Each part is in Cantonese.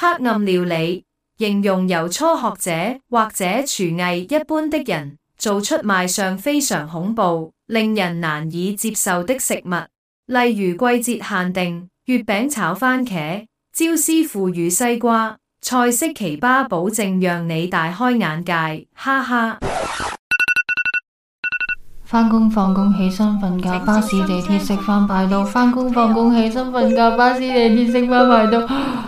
黑暗料理，形容由初學者或者廚藝一般的人做出賣相非常恐怖、令人難以接受的食物，例如季節限定月餅炒番茄、椒絲腐乳西瓜、菜式奇葩，保證讓你大開眼界。哈哈！翻工放工，起身瞓覺；巴士地鐵，食飯排到，翻工放工，起身瞓覺；巴士地鐵，食飯排到。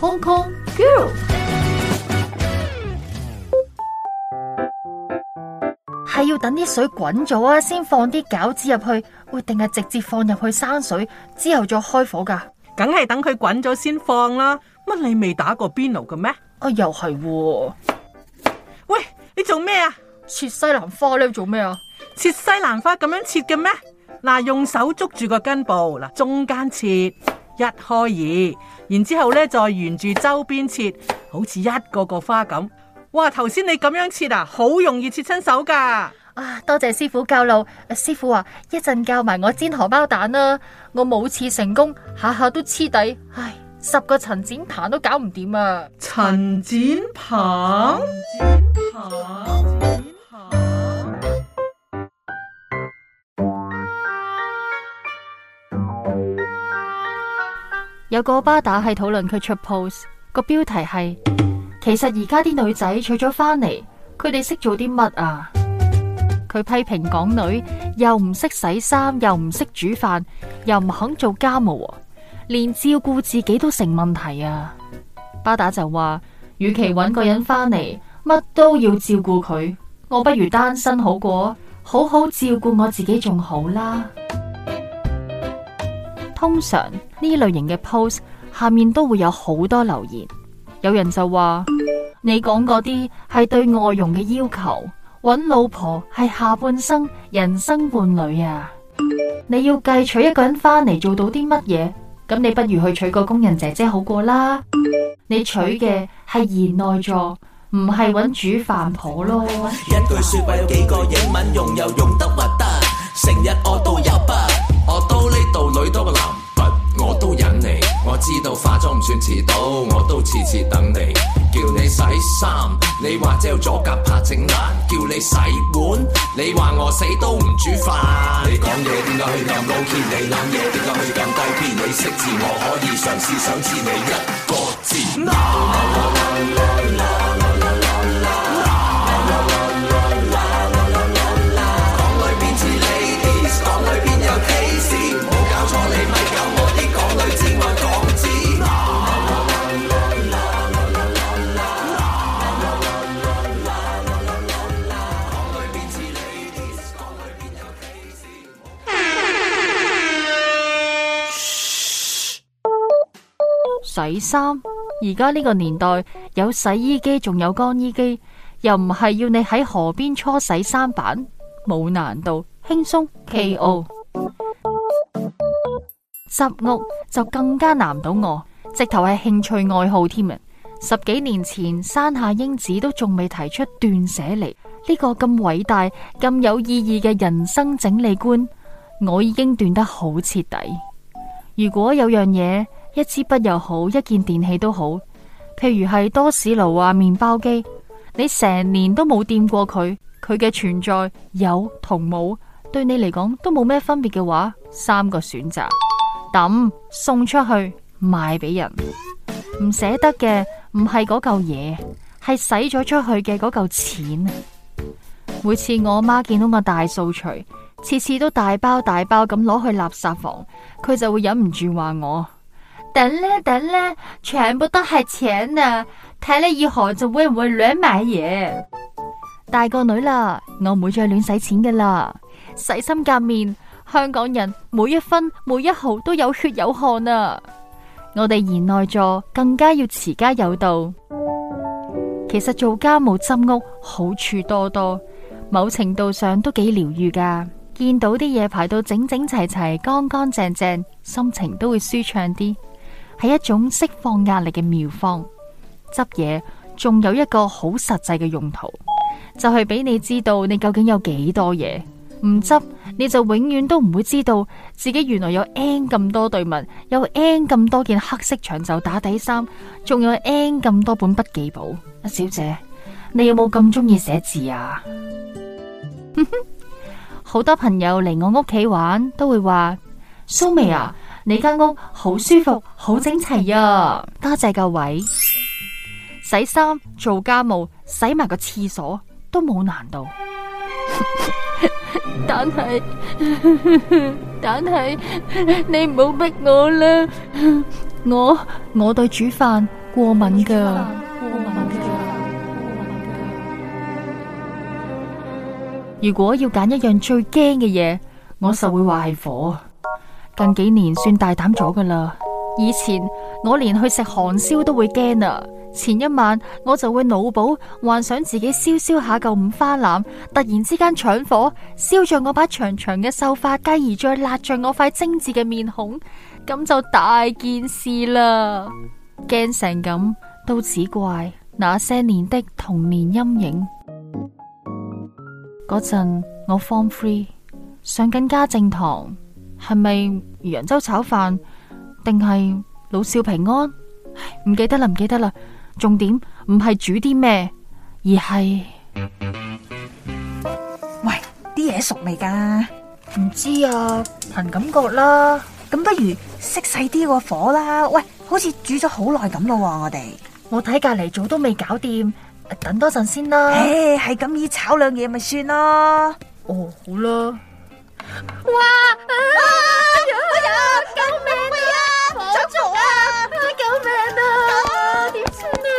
Hong Kong girl，係要等啲水滾咗啊，先放啲餃子入去，會定係直接放入去生水之後再開火噶？梗係等佢滾咗先放啦。乜你未打過邊爐嘅咩？啊，又係喎！喂，你做咩啊？切西蘭花，你做咩啊？切西蘭花咁樣切嘅咩？嗱，用手捉住個根部，嗱，中間切。一開二，然之後咧，再沿住周邊切，好似一個個花咁。哇！頭先你咁樣切啊，好容易切親手噶。啊，多謝師傅教路。啊、師傅話、啊、一陣教埋我煎荷包蛋啦。我冇切成功，下下都黐底。唉，十個陳展鵬都搞唔掂啊。陳展鵬。有個巴打係討論佢出 post 個標題係，其實而家啲女仔除咗翻嚟，佢哋識做啲乜啊？佢批評港女又唔識洗衫，又唔識煮飯，又唔肯做家務，連照顧自己都成問題啊！巴打就話，與其搵個人翻嚟，乜都要照顧佢，我不如單身好過，好好照顧我自己仲好啦。通常呢類型嘅 post 下面都會有好多留言，有人就話，你講嗰啲係對外傭嘅要求，揾老婆係下半生人生伴侶啊！你要計娶一個人翻嚟做到啲乜嘢？咁你不如去娶個工人姐姐好過啦！你娶嘅係賢內助，唔係揾煮飯婆咯。 一句說話有幾個英文用又用得核突，成日我都有。郁。我，我都呢度女多過男，但我都忍你。我知道化妝唔算遲到，我都次次等你。叫你洗衫，你話只有左夾拍整爛。叫你洗碗，你話我死都唔煮飯。你講嘢點解去咁高 key？你諗嘢點解去咁低 b？你識字我可以嘗試想知你一個字。嗯洗衫，而家呢個年代有洗衣機，仲有乾衣機，又唔係要你喺河邊搓洗衫板，冇難度，輕鬆企奧。執屋就更加難唔到我，直頭係興趣愛好添啊！十幾年前，山下英子都仲未提出斷捨離呢個咁偉大、咁有意義嘅人生整理觀，我已經斷得好徹底。如果有樣嘢，一支筆又好，一件電器都好，譬如係多士爐啊、麵包機，你成年都冇掂過佢，佢嘅存在有同冇對你嚟講都冇咩分別嘅話，三個選擇抌送出去賣俾人，唔捨得嘅唔係嗰嚿嘢，係使咗出去嘅嗰嚿錢啊。每次我媽見到我大掃除，次次都大包大包咁攞去垃圾房，佢就會忍唔住話我。等咧，等咧，全部都係錢啊！睇你以後就會唔會亂買嘢。大個女啦，我唔會再亂使錢噶啦。洗心革面，香港人每一分每一毫都有血有汗啊！我哋賢內助更加要持家有道。其實做家務執屋好處多多，某程度上都幾療愈噶。見到啲嘢排到整整齊齊、乾乾淨淨，心情都會舒暢啲。係一種釋放壓力嘅妙方。執嘢仲有一個好實際嘅用途，就係俾你知道你究竟有幾多嘢。唔執，你就永遠都唔會知道自己原來有 n 咁多對襪，有 n 咁多件黑色長袖打底衫，仲有 n 咁多本筆記簿。小姐，你有冇咁中意寫字啊？好多朋友嚟我屋企玩都會話蘇媚啊。你間屋好舒服，好整齊啊！多謝個位，洗衫、做家務、洗埋個廁所都冇難度。但係，但係，你唔好逼我啦！我我對煮飯過敏㗎。如果要揀一樣最驚嘅嘢，我實會話係火。近幾年算大膽咗噶啦，以前我連去食韓燒都會驚啊！前一晚我就會腦補幻想自己燒燒下嚿五花腩，突然之間搶火燒着我把長長嘅秀髮，繼而再辣着我塊精致嘅面孔，咁就大件事啦！驚成咁都只怪那些年的童年陰影。嗰陣我 form three 上緊家政堂。係咪揚州炒飯？定係老少平安？唔記得啦，唔記得啦。重點唔係煮啲咩，而係……喂，啲嘢熟未㗎？唔知啊，憑感覺啦。咁不如熄細啲個火啦。喂，好似煮咗好耐咁咯，我哋我睇隔籬組都未搞掂，等多陣先啦。誒，係咁意炒兩嘢咪算咯。哦，好啦。哇、啊啊、救命啊！火燭啊！啊救命啊！點算啊？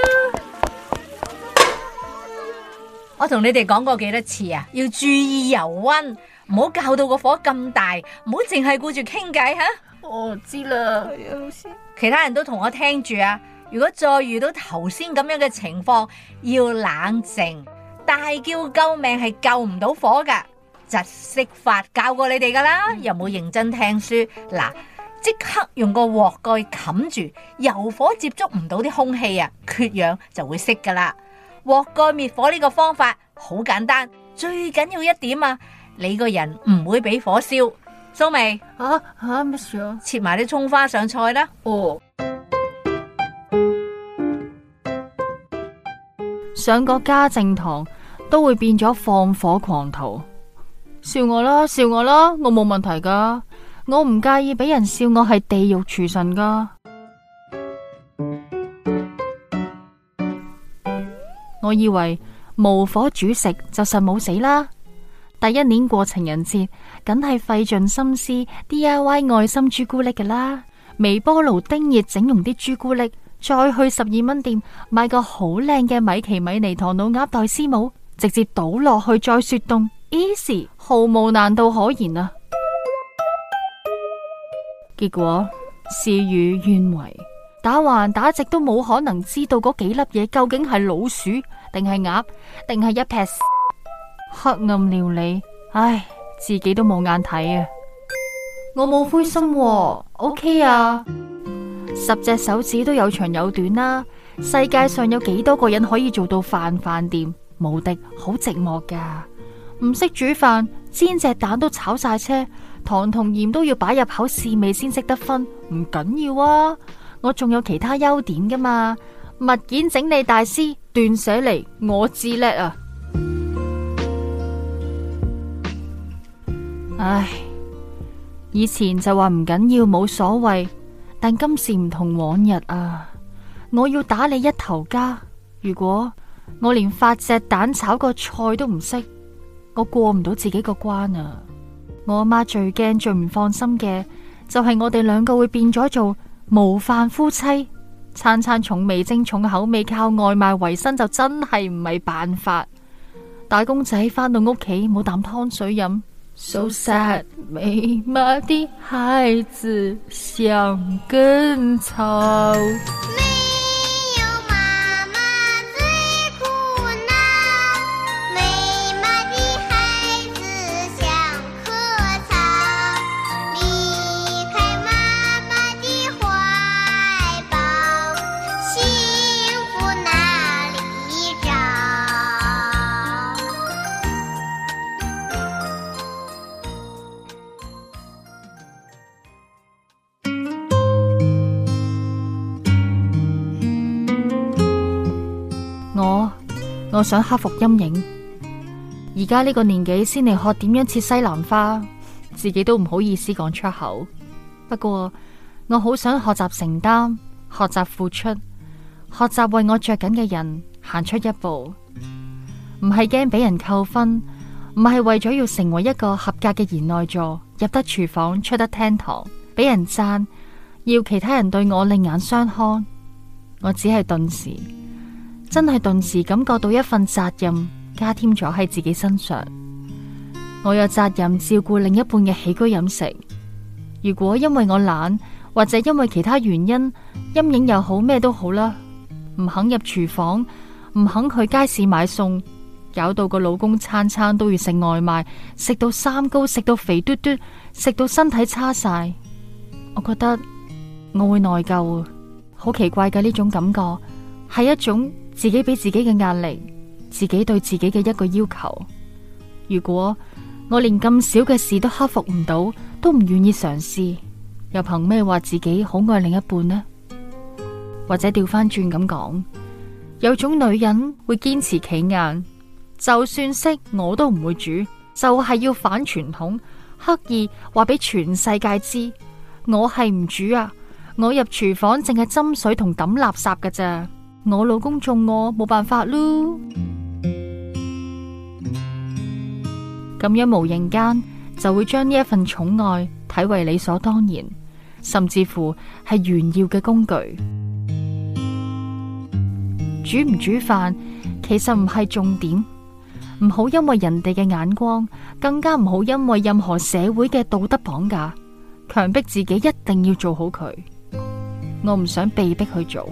我同你哋講過幾多次啊？要注意油溫，唔好教到個火咁大，唔好淨係顧住傾偈吓。我知啦，係啊，老師。其他人都同我聽住啊！如果再遇到頭先咁樣嘅情況，要冷靜，大叫救命係救唔到火㗎。窒息法教過你哋噶啦，嗯、又冇認真聽書，嗱，即刻用個鑊蓋冚住，油火接觸唔到啲空氣啊，缺氧就會熄噶啦。鑊蓋滅火呢個方法好簡單，最緊要一點啊，你個人唔會俾火燒。蘇眉，吓吓咩切埋啲葱花上菜啦。哦，上個家政堂都會變咗放火狂徒。笑我啦，笑我啦，我冇問題噶，我唔介意俾人笑我係地獄廚神噶 我以為無火煮食就實冇死啦。第一年過情人節，梗係費盡心思 D I Y 愛心朱古力噶啦。微波爐叮熱整容啲朱古力，再去十二蚊店買個好靚嘅米奇米妮唐老鴨代鼠帽，直接倒落去再雪凍。easy，毫無難度可言啊。結果事與願違，打橫打直都冇可能知道嗰幾粒嘢究竟係老鼠定係鴨定係一撇。黑暗料理，唉，自己都冇眼睇啊。我冇灰心，OK 啊。十隻手指都有長有短啦。世界上有幾多個人可以做到飯飯店無敵，好寂寞㗎。唔識煮飯，煎隻蛋都炒晒車，糖同鹽都要擺入口試味先識得分，唔緊要啊。我仲有其他優點噶嘛，物件整理大師，斷捨離，我自叻啊。 唉，以前就話唔緊要，冇所謂，但今時唔同往日啊。我要打理一頭家，如果我連發隻蛋炒個菜都唔識。我過唔到自己個關啊！我阿媽最驚最唔放心嘅，就係、是、我哋兩個會變咗做無飯夫妻，餐餐重味精重口味，靠外賣維生就真係唔係辦法。打工仔翻到屋企冇啖湯水飲，so sad，冇媽的孩子像根草。我想克服陰影，而家呢個年紀先嚟學點樣切西蘭花，自己都唔好意思講出口。不過我好想學習承擔，學習付出，學習為我着緊嘅人行出一步。唔係驚俾人扣分，唔係為咗要成為一個合格嘅賢內助，入得廚房出得廳堂，俾人讚，要其他人對我另眼相看。我只係頓時。真係頓時感覺到一份責任加添咗喺自己身上。我有責任照顧另一半嘅起居飲食。如果因為我懶或者因為其他原因，陰影又好咩都好啦，唔肯入廚房，唔肯去街市買餸，搞到個老公餐餐都要食外賣，食到三高，食到肥嘟嘟，食到身體差晒。我覺得我會內疚，好奇怪嘅，呢種感覺係一種。自己俾自己嘅壓力，自己對自己嘅一個要求。如果我連咁少嘅事都克服唔到，都唔願意嘗試，又憑咩話自己好愛另一半呢？或者調翻轉咁講，有種女人會堅持企硬，就算識我都唔會煮，就係要反傳統，刻意話俾全世界知，我係唔煮啊！我入廚房淨係斟水同抌垃圾嘅咋。」我老公寵我，冇辦法咯。咁樣無形間就會將呢一份寵愛睇為理所當然，甚至乎係炫耀嘅工具。煮唔煮飯其實唔係重點，唔好因為人哋嘅眼光，更加唔好因為任何社會嘅道德綁架，強迫自己一定要做好佢。我唔想被逼去做。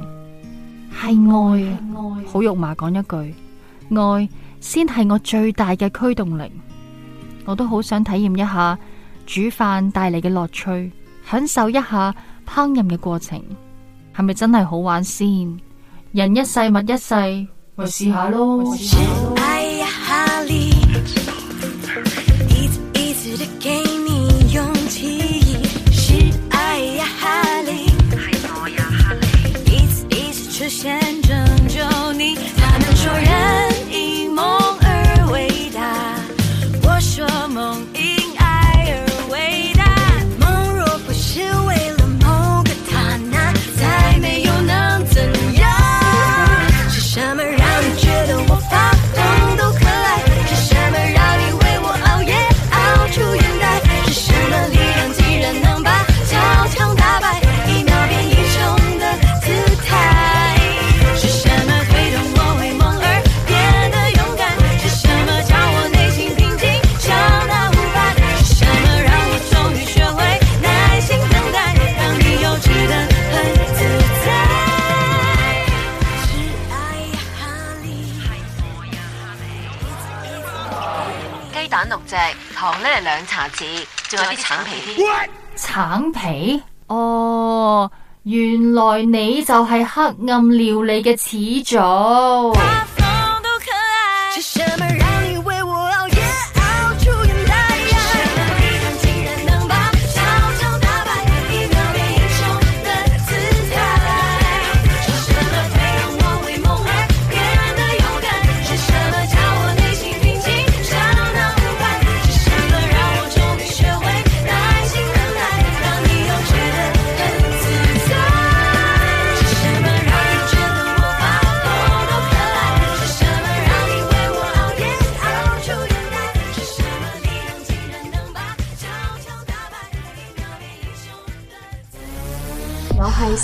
係愛啊，愛好肉麻講一句，愛先係我最大嘅驅動力。我都好想體驗一下煮飯帶嚟嘅樂趣，享受一下烹飪嘅過程，係咪真係好玩先？人一世物一世，咪試 下咯。茶匙，仲有啲橙皮添。橙皮？哦，原來你就係黑暗料理嘅始祖。